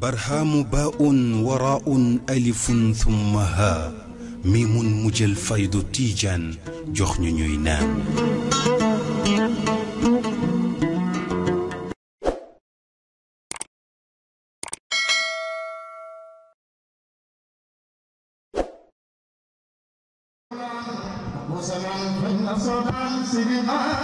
برهام باء وراء ألف ثم ها ميم مجل فيض تيجا جخن نينام مسلم في النصر سبقا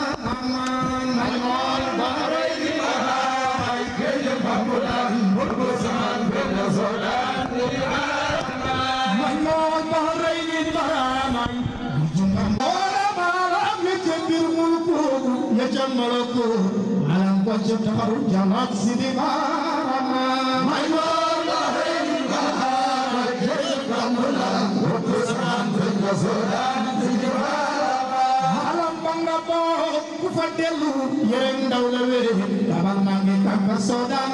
wajjab taxaru jamaat si di baarama may wala hen baara jël kamula wabbu saan tënga soodaan si di baarama halam banga boog ku fa dellu yéen ndaw la wéri dabal maa ngi kàmba soodaan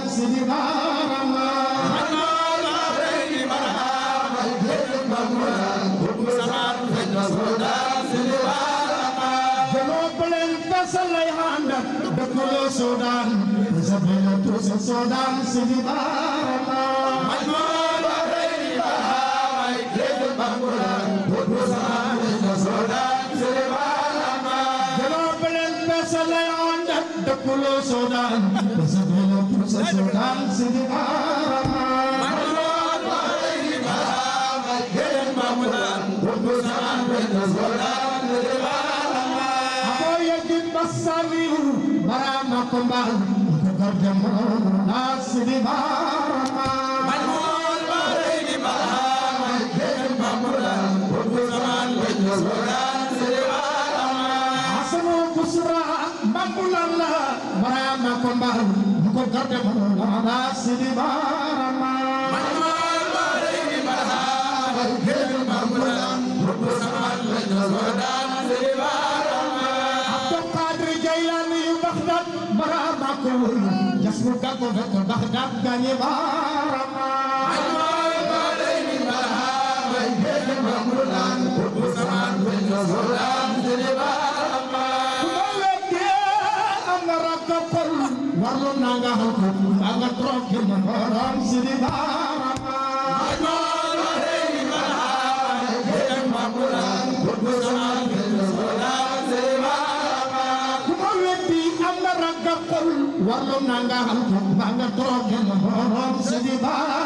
baarama sodam Sidi Barata Majma Barai Bahamai Lebu Bangulan Budu Sahan Sudan Sidi Barata Jawab Pelan Pesalai Anda Dekulo Sudan Pesadilo Pusa Sudan Sidi Barata Majma Barai Bahamai Lebu Bangulan Budu Sahan Sudan Sidi Barata Aku yakin Basamiu Barama Abdul Qadir Jailani yu Baghdad ko jas mu gàkko fekk ndax daan gaañe baaram ay ba day min baaram ay bee ba mu laan bu samaan bu ñu solaan jële baaram ku ma wekkee am na rakka pol warloon naa nga xal ko daa nga trop ki ma borom si di baaram ay ba day min baaram ay bee ba mu laan bu samaan wallum nanga xam tu banga toog gën xorom sëñ bi baa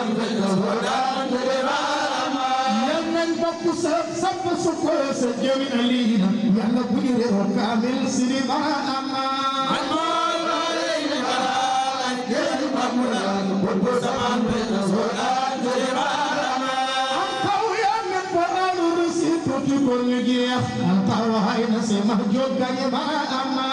ku sa sàpp su ko sa jëmi ali yàlla bu ñu réew kaamil si ni bara amma Antaw hay na si mahjub gani bara amma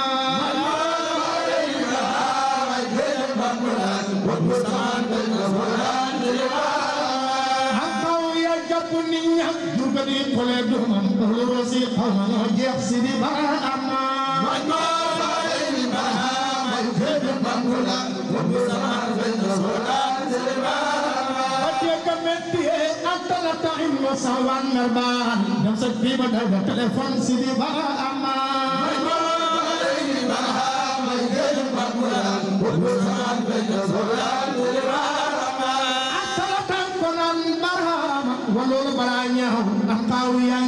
jàpp ni ñam jurbel yi polee duman doxlu rosi xawmanoo jeex si di bara amma man noolaay ni bara man feebi bangula wabbi samaan fay rasulaan si di bara amma ka metti ee antala taxin wa sawaan merbaan dem sa biiba dawa téléphone si di bara amma man noolaay ni bara man feebi bangula wabbi samaan fay rasulaan si di bara balaa ñaaw ndax kaaw yaa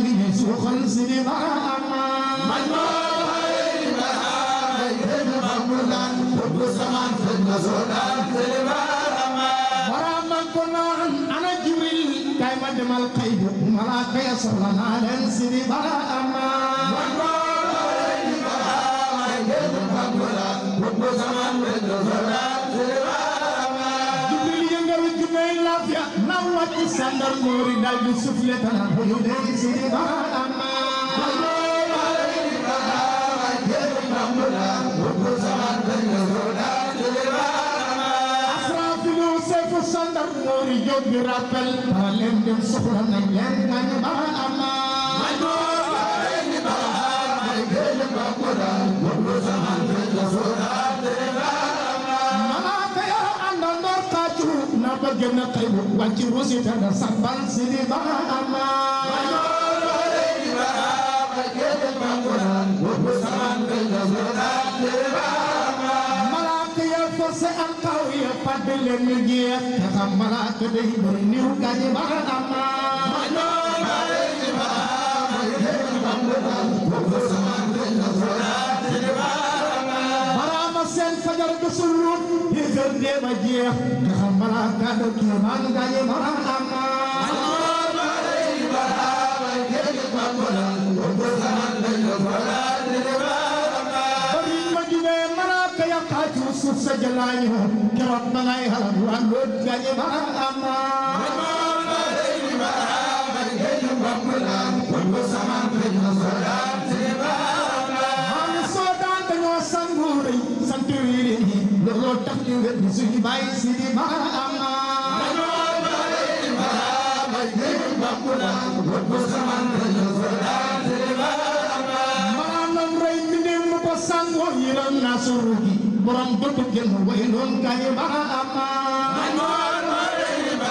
kay ma demal kay bi malaaka ya soxla naa leen si li ba wàcc sandal muuri dal di soufflé tanaan bu ñu dee si baaraam sandar moori jóg di rappel ba leen dem soxla nañ leen nañ baaraam may door ba leen di baaraam may génn ba ko daal la gën a xëy bu wàcci rusi te na sambal si di ba ama malaaka ya forcé am taw ya fàtte leen ñu jeex te xam malaaka day bëri niw gañi ba ama Barama seen fajar ga sullut di gën dem a jeex bala gado kiman gaye bara amma Allah bare bara ba gele babala obo zaman le bara dire amma bari majme mara kaya kaju suf se jalayo kerat mangai halam wan lo gaye bara amma Allah bare bara ba gele babala obo zaman le bara wedd suñu baay si di ma am manoo bare ma may dégg bàkkuna wër ko saman rajo sodaan si di ma am maanaam rey mi ne mu ko sàngoo yiram naa suru gi borom bëtu génn way noon kañi ma am manoo bare ma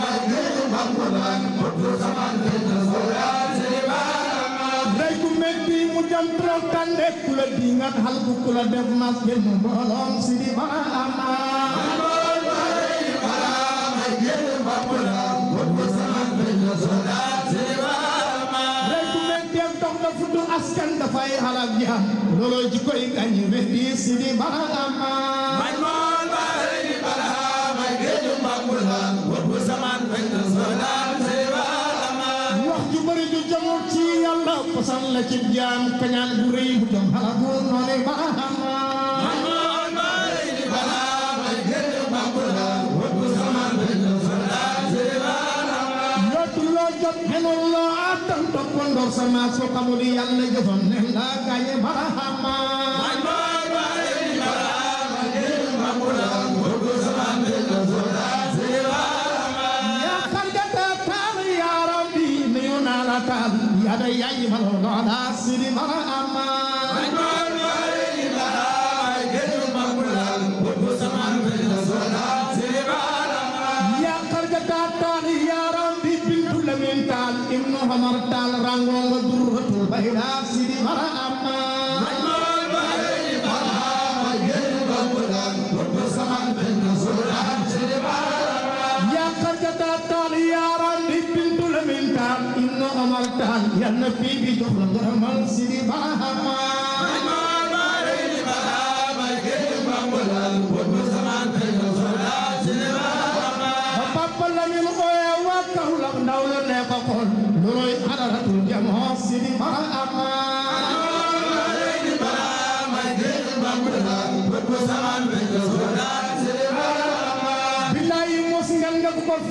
may dégg bàkkuna la dingat xal bu ku la def mas génn mbooloom si di maama mbool bari baraam ay génn ba pulaam won ko samaan lañ la soldaat si di maama rek bu metteem dox na futu askan dafay xalaat jaam looloo ji koy gañi weddi si di maama man mbool bari baraam ay génn ba pulaam won ko samaan lañ la soldaat si di maama wax ju bari ju jamoot ci posal la ci jaam kañaan bu rëy bu jom xala bu noonee ba xamaa Subhanallah tan toppandoo sama soo xamul yàlla jëfam ne la gaañe barahama يا نبي بجهر الرحمن سيدي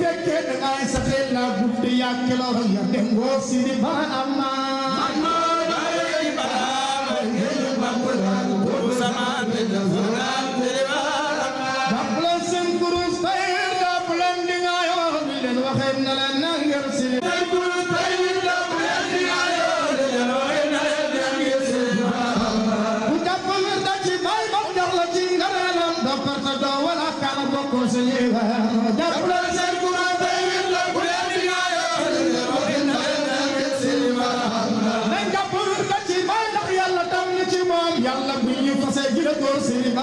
fekkee da ngay sa xel laa guddi yaa keloo ya dengoo sini ba am naa bu ñu fasee ji la ko sëriñ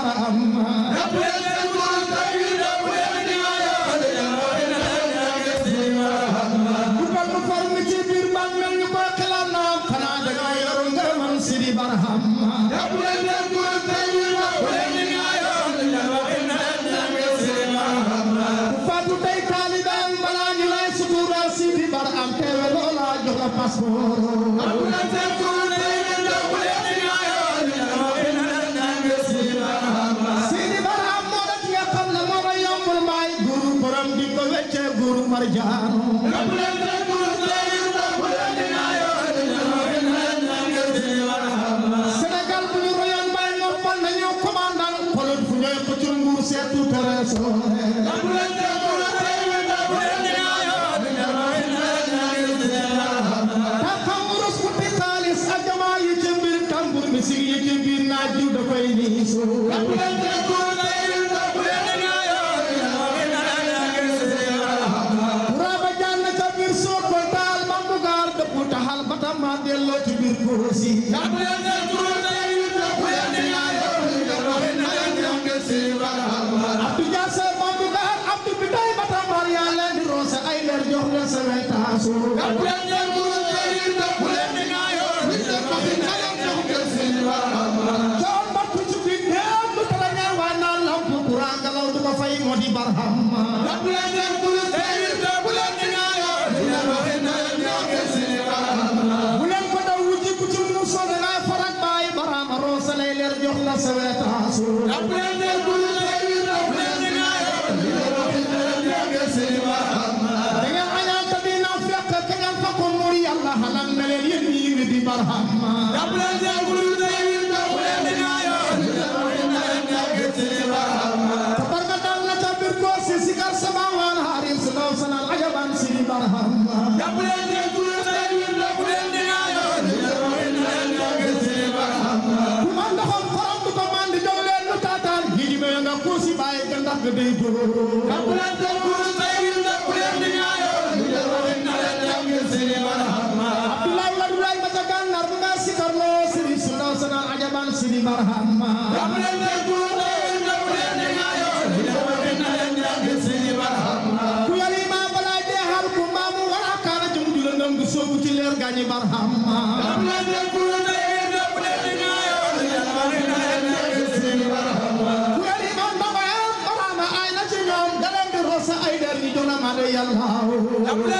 aju me so. Kaplan Kaplan Abdul Rasul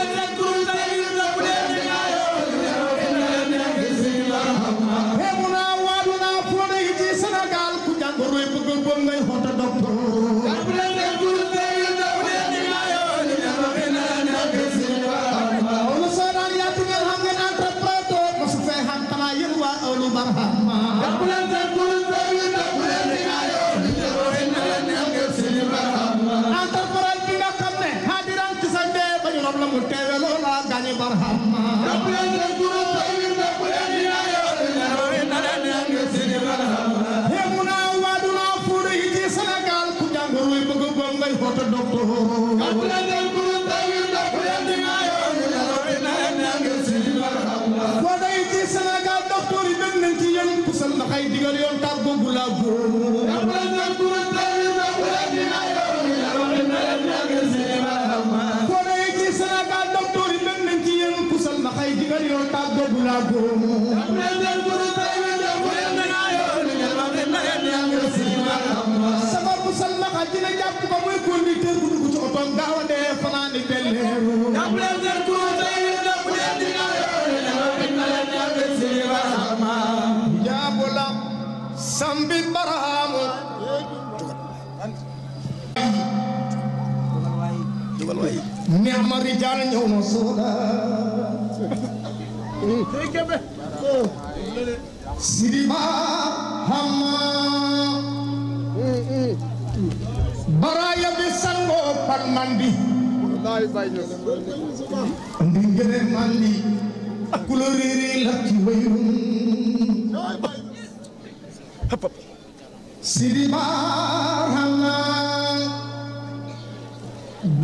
tijaan ñëw na suuna sidi ma hamma baraya bi sango pan mandi ndingere mandi kuloriri lakki wayrum sidi ma hamma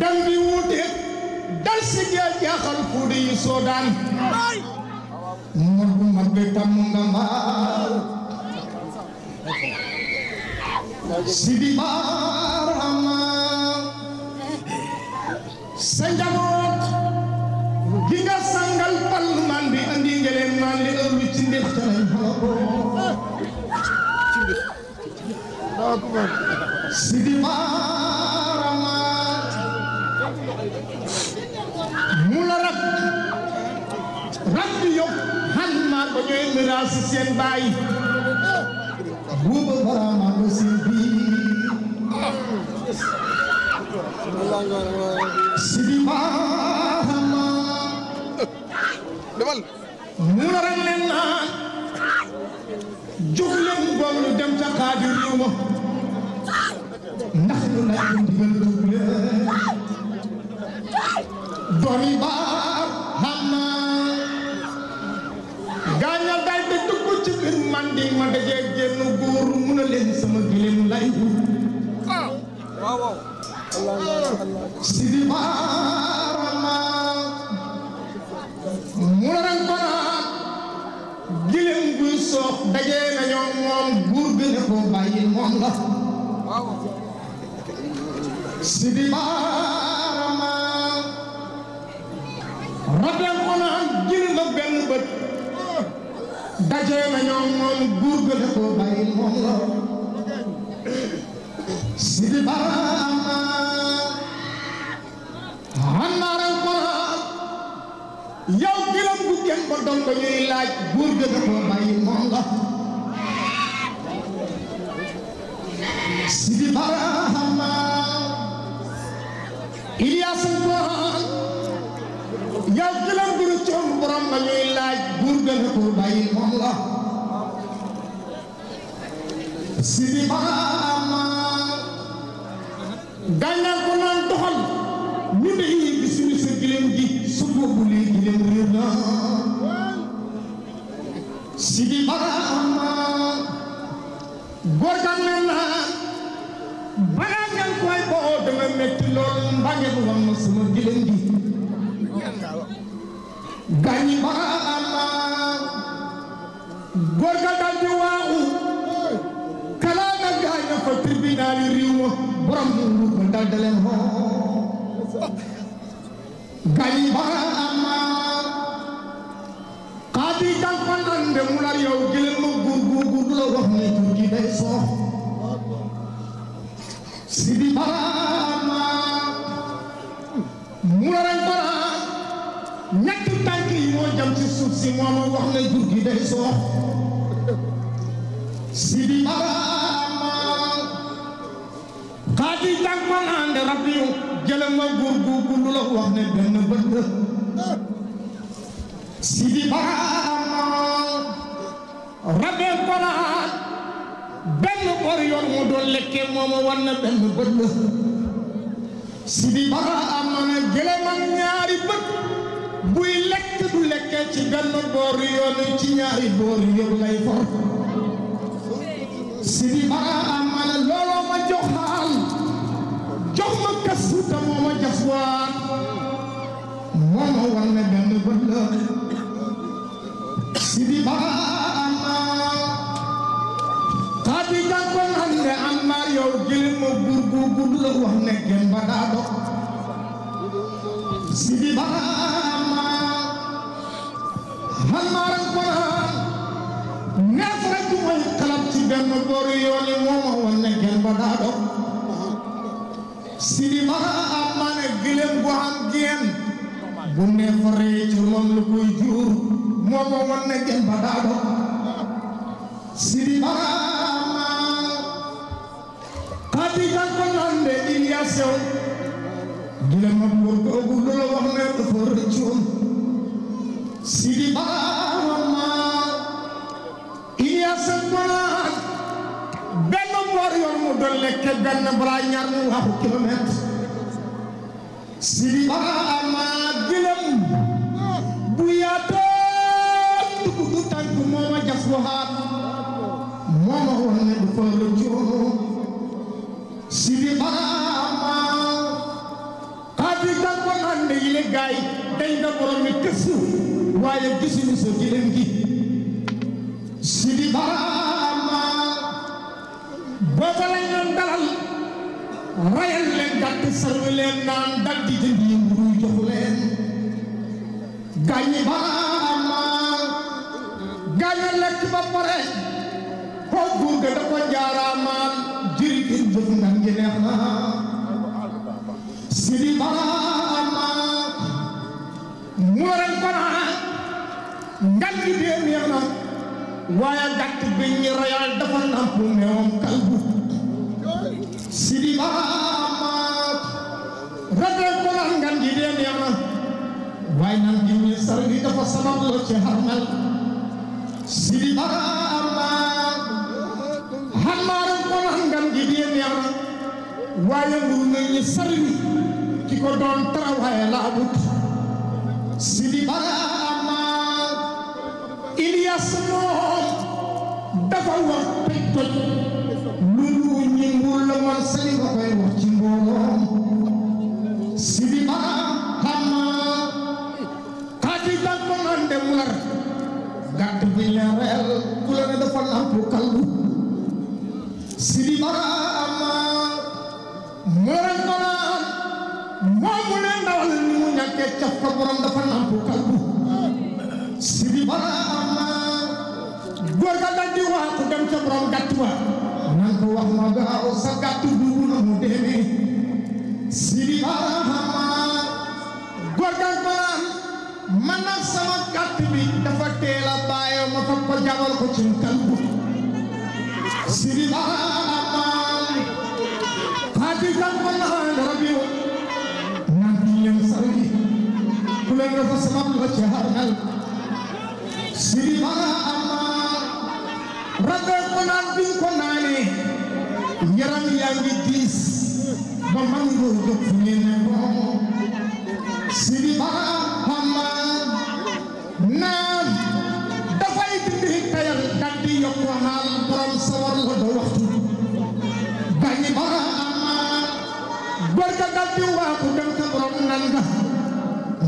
dambi wuute dal si géej gi xal fuude yi soodaan mor bu mag bi tàmm nga maal sidi baarama sa njaboot gi nga sangal pal man bi andi ngeleen man li ëllu ci ndéf ca lañ xala ko sidi baar ba ñuy miraas seen baay wuba barama nga seen bii sidi mu waral leen naan jóg leen bon ñu dem ca xaadir yu ma ndax lu lay ndigal jóg leen dooni baa ma dajee génn góor mu ne leen sama gëlëm lay wut waaw bi ne ko bàyyi xaajoo na ñoom moom buur ga da koo bàyyi moom la Sidi Barama xanaaral ko yow bilam bu kenn ko doon ko ñuy laaj buur ga da koo bàyyi moom la Sidi Barama Ilias Ngoon yow bilam bu nu coom ku bay moom la gayba amma xaati jàppandan de mu nar yow gëlëm ma gurgur gur du wax ne tuuti day soox si di bara mu nar ay bara ñetti tànk yi moo jam ci si moo ma wax ne jur gi day soox si di bara amma xaati jàppandan de rabbi gëlëm ma góor gu lu la wax bët la sidi baaraam rabee ma ne gëlëm ak ñaari bët buy lekk ci benn boor yoon ci ñaari boor yoon lay for sidi baaraam ma ne wax ne maa ne gem gu am geen bu neefaree ci moom lu koy jur mooma wax ne gem ba daa de Iliya sew dina gëlëm bu yaatoo dugg du tànk mooma jaf waxaat mooma woon ne dafa rëccoon sidi baba xaati tàkko naan ne yile gaay dañ nga borom ni këss waaye gisuñu sa jëlem gi sidi baba booba lañ doon dalal rayal leen gàtt sarwe leen naan dal di jënd yi nguruy jox leen gaañi baba gaaña lekk ba pare koo buur ga da ko jaaraamaan jërëjëf ndax ñu neex na Sidi Bara Amma mooran dee neex na waaye gàtt bi ñu royal dafa namp neewam kalbu Sidi Bara Amma rafet ko na ngal gi dee neex na waaye nan gi ñu sar dafa sabab loo ci xarmal Sidi Bara Amma waaye nguur nañ ni sarwi ko doon travailler la abut sidi bara amaat Ilias moom dafa wax pej toj lu lu ñu la man sali ba koy wax borom dafa lampu kalbu Sini bara gor ga dal di wax ko dem ci borom gatt wa nan ko wax ma ga o mana gatt bu no mu deme sama bi bayo kalbu jaharnan Sini para amal Raga penanting konani Nyeram yang ditis Memanggur kepunyanya Sini amal amma Nah Dafai bindi kayal Kandi amal Beram sawar lodo waktu Bani para amal Berkata diwaku dan keberongan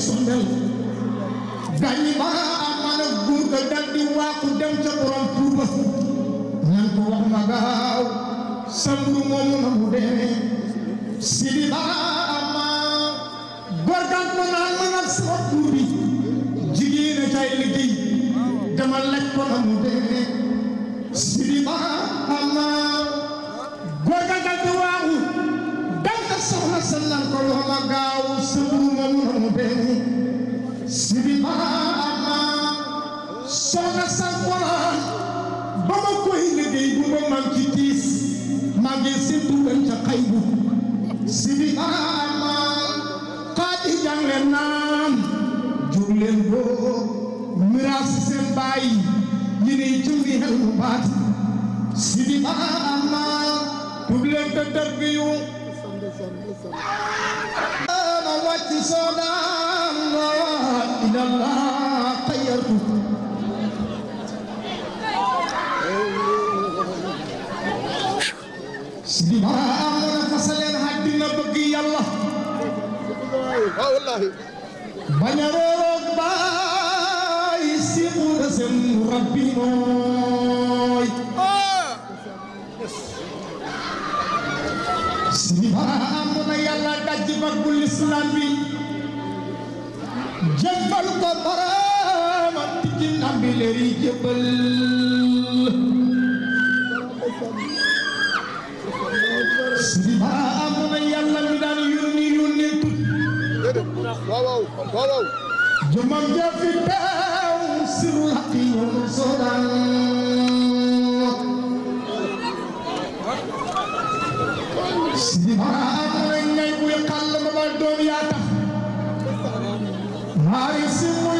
sondal gàññi ba nga am maanaam góor ga dal di waaku dem ca borom tuuba ñan ko wax ma gaaw samburu moomu na mu demee si li ba nga am maanaam góor daan ko naan maanaam sama tuur bi jigéen a cay liggéey dama lekk ko na mu demee si li ba nga am maanaam moom maa ngi ci tiis maa ngi séntu dem ca xaybu si bi amal xaati jug leen boo miraas seen baay yi ne ci ngi xel mu baat si bi amal tub leen te dërbiyu ana wàcc soodaan li ma amoon a fasaleen àddina bëgg yàlla bañ a roog baay si xuuda seen rabbi mooy si li ma amoon a yàlla daj baggu lislaam bi jébbal ko baraama tijji nambi leeri jébbal ma amoon na yàlla mi daan yónni yónni tut waaw waaw jumam jafi teew haqi yoonu sodan sidi ma amoon na ngay buy xàll ma ba doom yaa tax maari simul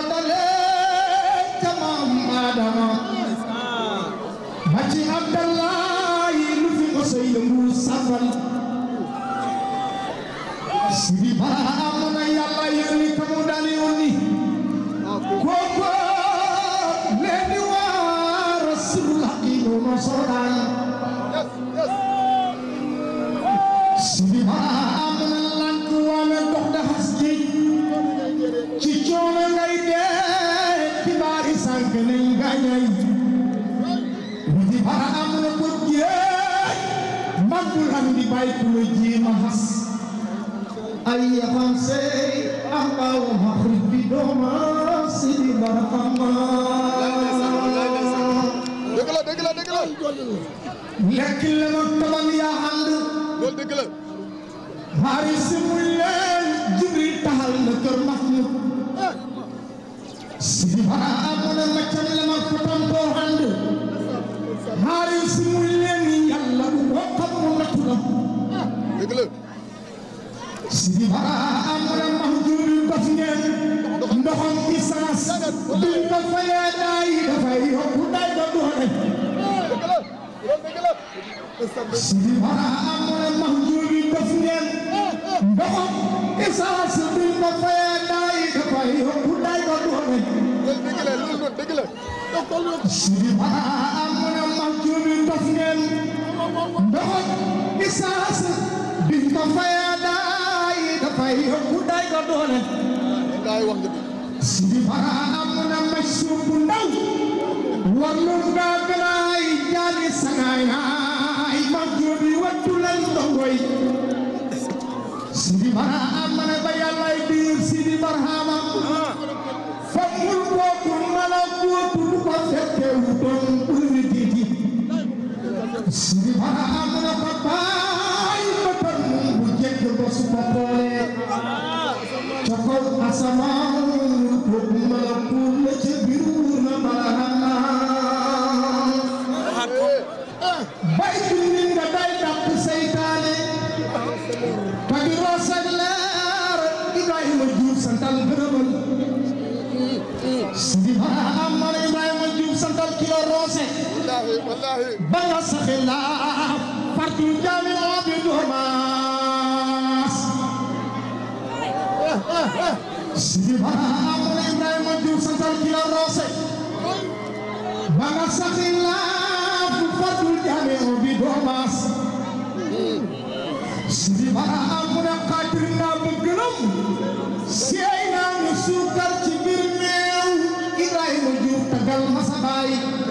أي خمسي أهباو مخرج بدوما سيدي برقما دقلا دقلا دقلا لكن لما تمام يا عند قول دقلا حارس مولان جبريل تحل لكر محمود سيدي برقما مكان لما فتن بو عند حارس مولان يلا وقت ومتنا دقلا sidi bara amoon mahjubi def ngeen ndoxam isaas bi ma fayee daay dafay yokku daay ba doole sidi bara amoon mahjubi def ngeen ndoxam isaas bi ma fayee alayhi hokkuɗa e goɗɗo one wallahi wonde sidi fara amuna massubu ndaw wallumɗa bela e jaali sagayna e majjudi wattulan ɗongoy sidi fara amana bayalla e ɓir sidi barhama fammul gotum mala gotum ko fette wuɗon ɓurni titi sidi fara amuna بلا سخلا فرد جامع بدوماس سيدي بابا إبراهيم جوب سنتر كيلا روسي بلا سخلا فرد جامع بدوماس سيدي بابا قاتلنا بقلم سيدنا نسوكر كبير ميو إبراهيم جوب تقل مصبايك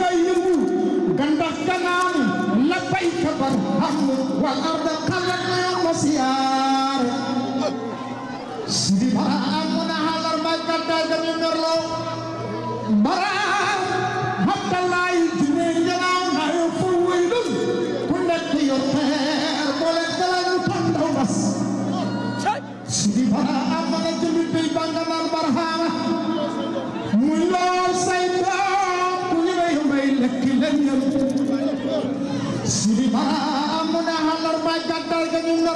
lay yëngu gandax kanaan labbayka barham wal arda xalanaa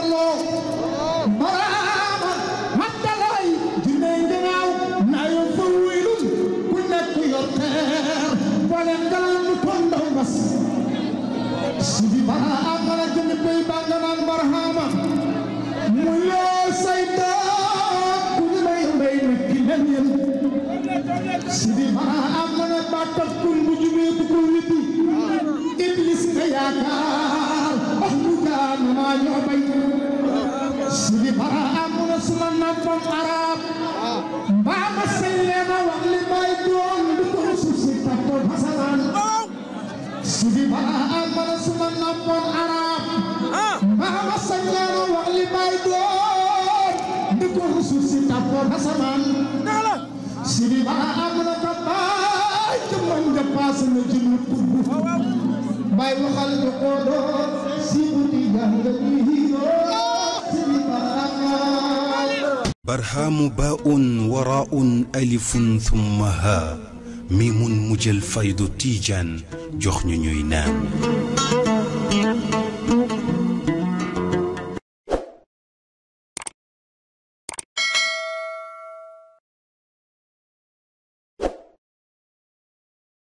Carlos. ma ñoɓay sidi bara amuna sunannan fon arab mbama sellena walli ɓay ɗon ɗuɗon susittatton hasanan sidi bara amuna sunannan fon arab mbama sellena walli ɓay ɗon ɗuɗon susittatton hasanan sidi bara amuna kabay tumon depasse no jinnu kurbu bay waxal ñu ko doon si guddi yàlla ñuy barhamu baun waraun alifun thumma ha mi mun mujjal faydu tiijaan jox ñu ñuy naan